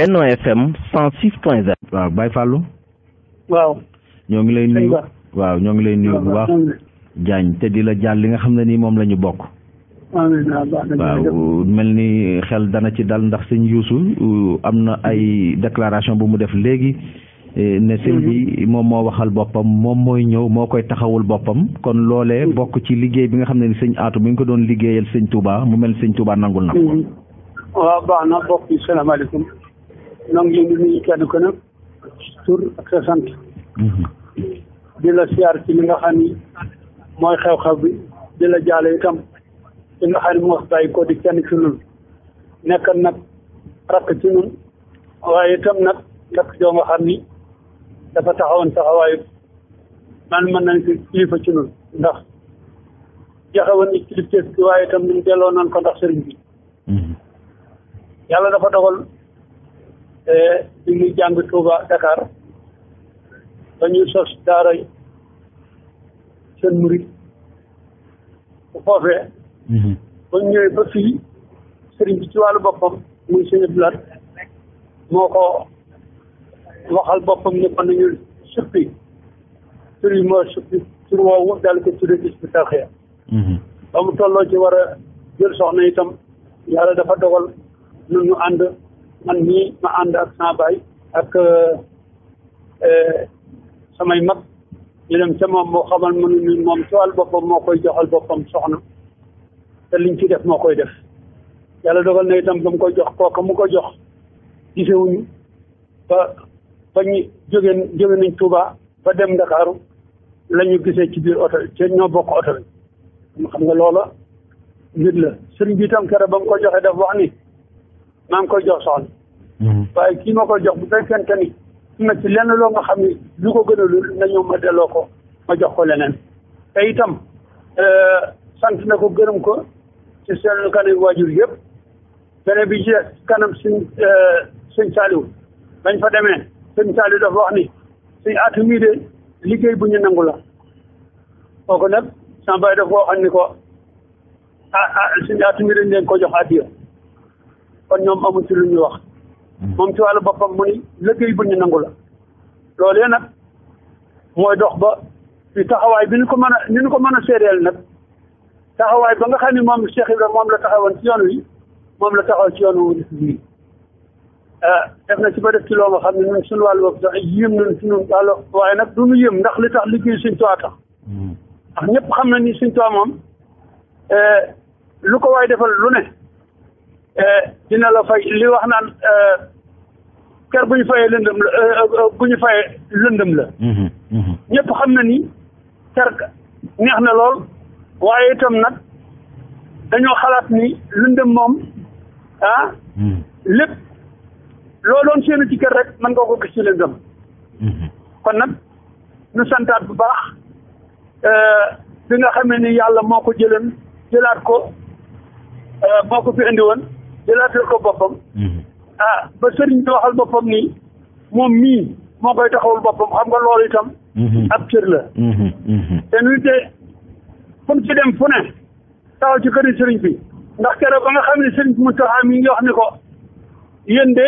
Benno FM 106.0. waaw Baye Fallou. waaw. ñoo ngi lay nuyu waaw ñoo ngi lay nuyu bu baax. Diagne te di la jàll li nga xam ne nii moom lañu bokk. waaw mel ni xel dana ci dal ndax sëñ Youssou euh, am na ay déclaration bu mu def léegi. Euh, ne sëñ bi mhm. moom moo waxal boppam moom mooy ñëw moo koy taxawul boppam kon loole mhm. bokk ci liggéey bi nga xam ne ni sëñ aatu bi ngi ko doon liggéeyal sëñ Touba mu mel sëñ Touba nangul na ko. Mhm. ñoo ngi leen di kenn ku nekk tur ak sa sant. Mhm. di la siyaar ci li nga xam ni mooy xew-xew bi di la jaale itam li nga xam ni moo bàyyi ko di kenn ci ñun nekk nag rakk ci ñun waaye itam nag rakk joo nga xam ni dafa taxawoon taxawaayu man mën nañ ci kilifa ci ñun ndax joxe woon ni kilifteef bi waaye itam ñun delloo nañ ko ndax sëriñ bi mhm. yàlla dafa dogal. bi ngi jàng Touba Dakar ba ñu sos daara seen murit bu foofee mhm. ba ñu ñëwee ba fii sëriñ bi ci wàllu boppam muy sëñ Abdoulaye moo ko waxal boppam ne ko nañu suppi tur moo suppi tur daal ko tudde Hizbut Tarqiyyah mhm. ba mu tolloo ci war a jël soxna itam yàlla dafa dogal nun ñu ànd man mii ma ànd ak sama baay ak euh, samay mag ñu dem ca moom moo xamal ma moom ci wàllu boppam moo koy joxal boppam soxna te liñ ci def moo koy def yàlla dogal na itam ba mu koy jox kooka mu ko jox gisewuñu ba ba ñu jóge nañ Touba ba dem Ndakaaru la ñu gisee ci biir oto ci ñoo bokk oto bi xam nga loola mbir la sëriñ bi itam keroog ba mu ko joxee daf wax ni maa ngi koy jox soxna. Mm-hmm. waaye kii ma koy jox bu fekkente ni su ma lenn loo nga xam ni lu ko gën a lul na ñëw ma delloo ko ma jox ko leneen te itam euh, sant na ko gërëm ko ci seen kanam waajur yëpp beneen bi ci kanam suñ euh, suñ Saliou bañ fa demee suñ Saliou dafa wax ni si at mii de liggéey bu ñu nangu la kooku nag sama baay dafa waxoon ni ko ah ah suñ mii dañ leen ko jox addiya kon ñoom amuñ ci lu ñuy wax. Hmm. moom ci wàllu boppam mu ni liggéey bu ñu nangu la. loolee nag mooy dox ba ci taxawaay bi ñu ko mën a ni ñu ko mën a seedeel nag taxawaay ba nga xam ne moom Cheikh Ibrahima moom la taxawoon ci yoon wi moom la taxaw ci yoon wu euh, def na ci ba def ci loo xam ne ñun suñu wàllu bopp sax yéem nañ ci ñun waaye nag du ñu yéem ndax li tax liggéey suñ tuwaa tax. Hmm. ndax xam na ni suñ tuwaa moom euh, lu ko waay defal lu ne. Eh, dina la fay li wax naan eh, kër bu ñu fayee lëndëm la eh, bu ñu fayee lëndëm la mhm, mhm. ñëpp xam na ni kër neex na lool waaye itam nag dañoo xalaat ni lëndëm moom ah mhm. lépp looloon doon ci kër rek mën nga ko gis ci lëndëm kon nag nu santaat bu baax bi nga xamee ni yàlla moo ko jëleen jëlaat ko moo ko fi indi woon jëlaatal ko boppam. Mhm. Ah, ba sëriñ bi waxal boppam nii moom mii moo koy taxawul boppam xam nga loolu itam. Mhm. ab cër la. Mhm. te ñun de fu mu dem fu ne taxaw ci këri sëriñ bi ndax keroog ba nga xam ne sëriñ bi mu taxaw mi ngi wax ni ko yéen de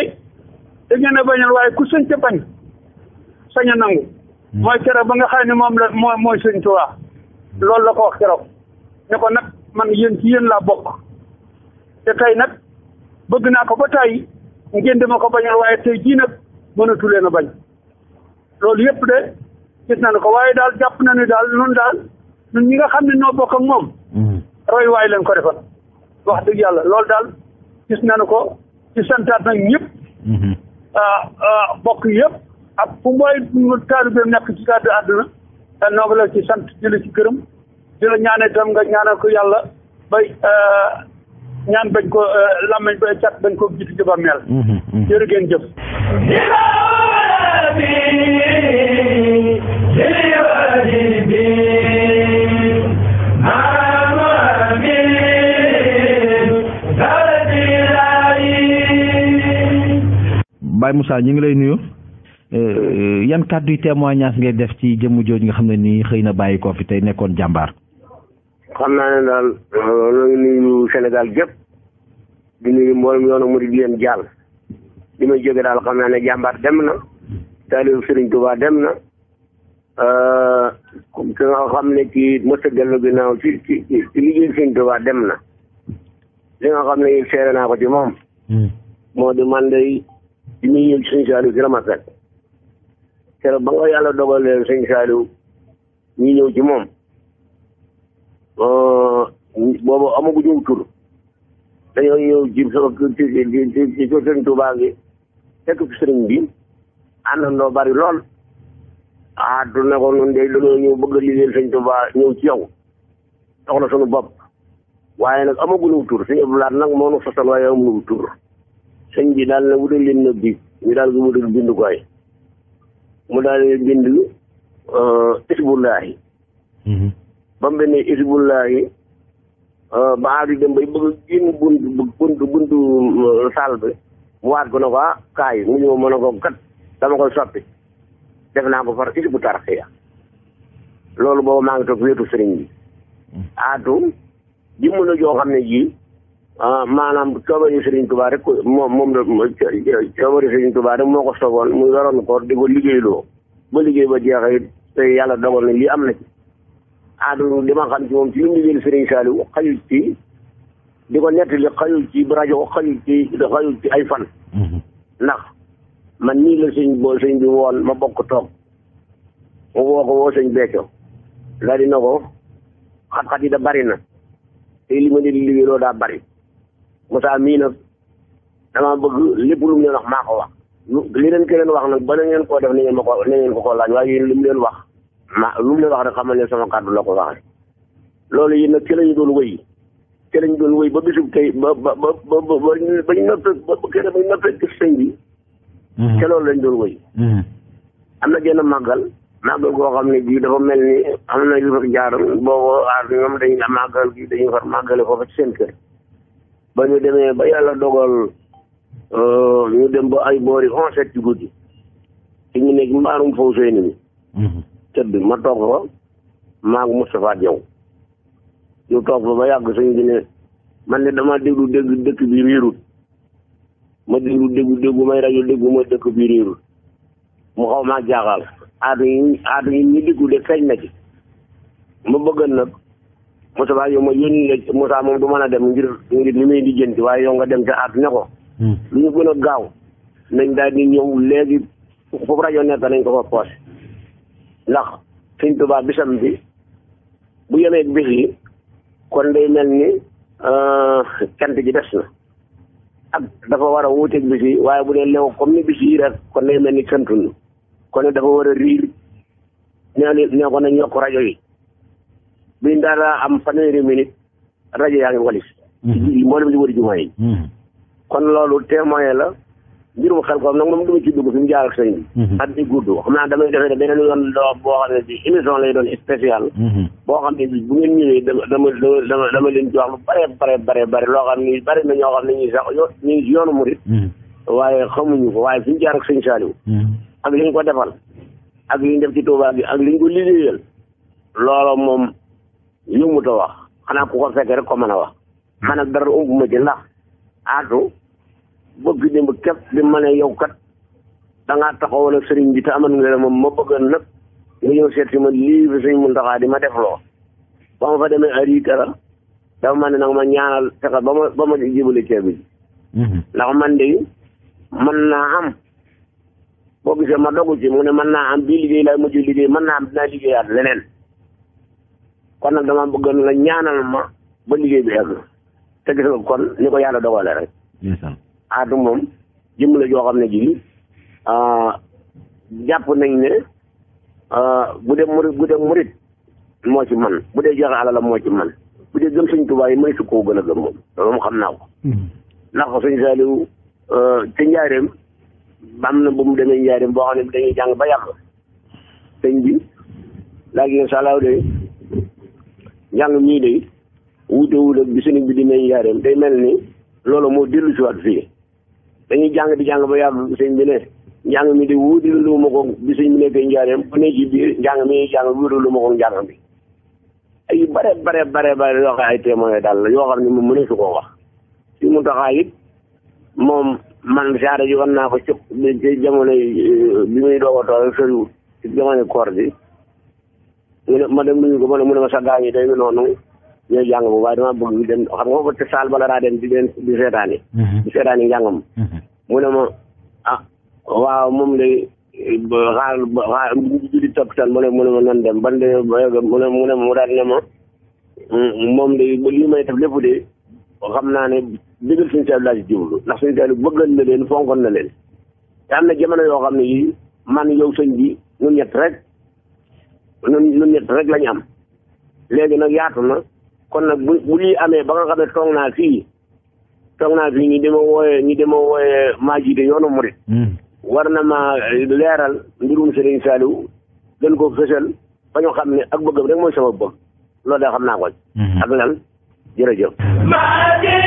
da ngeen a bañal waaye ku sëñ ca bañ sañ a nangu. mooy keroog ba nga xam ne moom la mooy mooy sëñ Tuubaa loolu la ko wax keroog ne ko nag man yéen ci yéen laa bokk te tey nag. bëgg naa ko ba tàyyi ngeen dama ko bañal waaye tey jii nag mënatu leen a bañ loolu yëpp de gis nañu ko waaye daal jàpp na ni daal nun daal nun ñi nga xam ne noo bokk ak moom mm-hmm. roy waay leen ko defal wax dëgg yàlla lool daal gis na nañu ko ci santaat nag ñëpp mm-hmm. ah, ah, bokk yépp ak fu mooy taalibeem nekk ci kàddu àdduna te noo la ci sant di ci gërëm di la ñaane nga ñaanal ko yàlla bay ah, ñaan bañ ko euh, làmmañ ko cat bañ ko jiitu ci bàmmeel mhm, mhm. jërë ngeen jëf Baye Moussa ñu ngi lay nuyu euh, euh, yan kàddu yi témoignage ngay def ci jëmm jooj nga xam ne nii xëy na bàyyi ko fi tey nekkoon jàmbaar xam naa ne daal euh, loolu ngi nuyu Sénégal gépp di nuyu mboolem yoonu mu di leen jàll li may jóge daal xam naa ne jàmbaar dem na taalibu Sëriñ Tuubaa dem na ki euh, nga xam ne ci mësta dellu li nga xam ne yëg seere naa ko ci moom hmm. moo di man day di muy yëg Sëriñ Saaliw ci ramakat keroog ba nga yàlla dogalee Sëriñ Saaliw ñu ñëw ci moom Euh, boobu amagu ñëw tur dañoo ñëw jib sama ci kër sëriñ Tuubaa gi fekk fi sëriñ bi àndandoo bari lool ah du ne ko noonu day dañoo ñëw bëgg a liggéeyal sëriñ Tuubaa ñëw ci yow soxla sunu bopp waaye nag amagu ñëw tur suñu ëblaat nag moo nu fasal waaye ñëw tur sëñ bi daal na wutal leen na bi ñu daal ko wutal bindu koy mu daal bind euh, isbullaahi mm-hmm. ba mu ne isbullahi euh, ba aadu dem bay bëgg a génn buntu buntu euh, saal bi mu waat ko ne ko ah kaay mu ñëw mën a ko kat dama koy soppi def naa ko far isbu tarxiya loolu boobu maa ngi toog wéetu sëriñ bi aatu ji mën a joo xam ne ji euh, maanaam coobari Sëriñ Tuubaa rek moom moom la moo ko soboon muy waroon ko di ko liggéeyloo ba liggéey ba jeex it te yàlla dogal na lii am na ci aadama li ma xam ci moom ci lu mu liggéeyal Serigne Saliou xajul ci di ko nettali xajul ci rajo xajul ci xajul ci ay fan. Mhm. ndax man nii la sëñ boo sëñ bi woon ma bokk toog ma woo ko woo sëñ Béthio daal di na ko xat-xat da bari na te li ma leen di liggéeyloo bari Moussa mii nag damaa bëgg lépp lu mu leen wax maa ko wax. li leen keneen wax nag ba na ngeen koo def na ngeen ko na ngeen ko koo laaj leen wax. ma lu mu leen wax rek xamal ne sama kàddu la ko waxee loolu yi nag ci lañu doon wéy ci lañu doon wéy ba bisub tey ba ba ba ba ba ba ba ba ñu noppee gis sëñ bi mm-hmm. ca loolu lañ doon wéy mm-hmm. na genn màggal màggal koo xam ne bii dafa mel ni na yu fa jaaram boobu màggal gi dañuy far màggale ko fa ci seen kër ba ñu demee ba yàlla dogal euh, ñu dem ba ay boori onze heures ci guddi ci ñu nekk mbaarum faw sey ni mi mm-hmm. tëdd ma toog fa maa ngi Moustapha Diaw toog fa ba yàgg sëñ bi ne man ne dama déglu dégg dëkk bi réerut ma déglu déggu déggu may rajo déggu mooy dëkk bi réerut mu xaw maa jaaxal aada yi ñu déggu de feeñ na ci ma bëggoon nag Moustapha Diaw ma yónni la Moussa moom du mën a dem ngir ngir li may di jënti waaye yow nga dem ci aat ne ko hmm. lu ñu gën a gaaw nañ daal di ñëw léegi foofu rajoo nekk nañ ko fa poose ndax sëñ Tuubaa bisam bi bu yemeeg bis yi kon day mel ni euh, cant gi des na ak dafa war a wuuteeg bis yi waaye bu ne lew comme ni bis yi rek kon day mel ni cantunu kon dafa war a riir nee ni nee ko nañ yokk rajo yi biñ daala am fanweeri minute rajo yaa ngi walis mm-hmm. ci ji di wër jumaa yi mm-hmm. kon loolu témoin la mbirum xel koom nag moom du ma ci dugg fi mu jaar ak sëñ bi mhm. at naa damay defee ne beneen yoon boo xam ne bi émission lay doon spécial mhm. boo xam ne bi bu ngeen ñëwee dama dama dama leen jox lu bare bare bare bare loo xam ne bari na ñoo xam ne ñuy sax ñuy mu murit mhm. waaye xamuñu ko waaye fi ñu jaar ak sëñ Saliou ak li ñu ko defal ak li def ci Touba yi ak li ñu ko liggéeyal looloo moom yëmut a wax xanaa ku ko fekkee rek ko mën a wax man ak dara ump ma ci ndax aatu bëgg démb képp bi ma ne yow kat da ngaa taxawal ak sëriñ bi te amal nga moom ma bëggoon nag nga ñëw seet si ma lii bi sëriñ Muntaxa di ma def loo ba ma fa demee Aritara dafa man ne nag ma ñaanal fexe ba ma ba ma jibale bi mhm. ndax man de mën naa am boo gisee ma dogu ci mu ne mën naa am bii liggéey laay mujj liggéey mën naa am dinaa liggéeyaat leneen kon nag dama bëggoon la ñaanal ma ba liggéey bi egg te gis nga kon ni ko yàlla dogale rek aatu moom jëmm la joo xam ne ji ah, jàpp nañ ne ah, bu dee murit bu dee murit moo ci man bu dee joxe alalam moo ci man bu dee gëm suñ tubaab yi may su koo gën a gëm moom loolu xam naa ko hmm. ndax ko suñ ah, na bu mu demee njaareem boo xam ne dañuy jàng mii de wuute wuute bi sëñ bi day mel ni loolu moo dellu si waat fii dañuy jàng di jàng ba yàgg sëñ bi ne njàng mi di wuuti lu ma ko bi sëñ bi nekkee njaareem ku ne ci biir njàng mi jàng wuuti lu ma ko njàng bi ay bare bare bare bare yoo xam ay témoin daal la yoo xam ne moom mënees su koo wax si mu taxaa it moom man saara ji war naa ko ci ci jamono euh, bi muy doog a toog soriwul ci jamono koor bi mu ne ma sa gaañ yi day noonu ñooy jàng bu waaye dama bëgg dem xam nga ba te saal bala daa dem di leen di seetaani mhm. di seetaani njàngam mhm. mu ne ma ah waaw moom lay xaar xaar julli topital mu ne mu ne ma nan dem ban de mu ne mu ne mu daal ne ma mm, moom de li may def lépp de xam naa ne dëggal suñu seetlu laa ci jublu ndax suñu seetlu bëggoon na leen fonkoon na leen te am na jamono yoo xam ne yii man yow sëñ bi ñun ñett rek ñun ñun ñett rek lañu am léegi nag yaatu na kon nag bu bu amee ba nga xam ne naa fii toog naa fii ñu dema ñi ñu dema wooye maa jiite yoonu murit hmm. war na ma leeral mbirum Serigne Saliou gën ko fësal ba ñu xam ne ak bëggam rek mooy sama bëgg loolu daa xam naa ko hmm. ak lan jërëjëf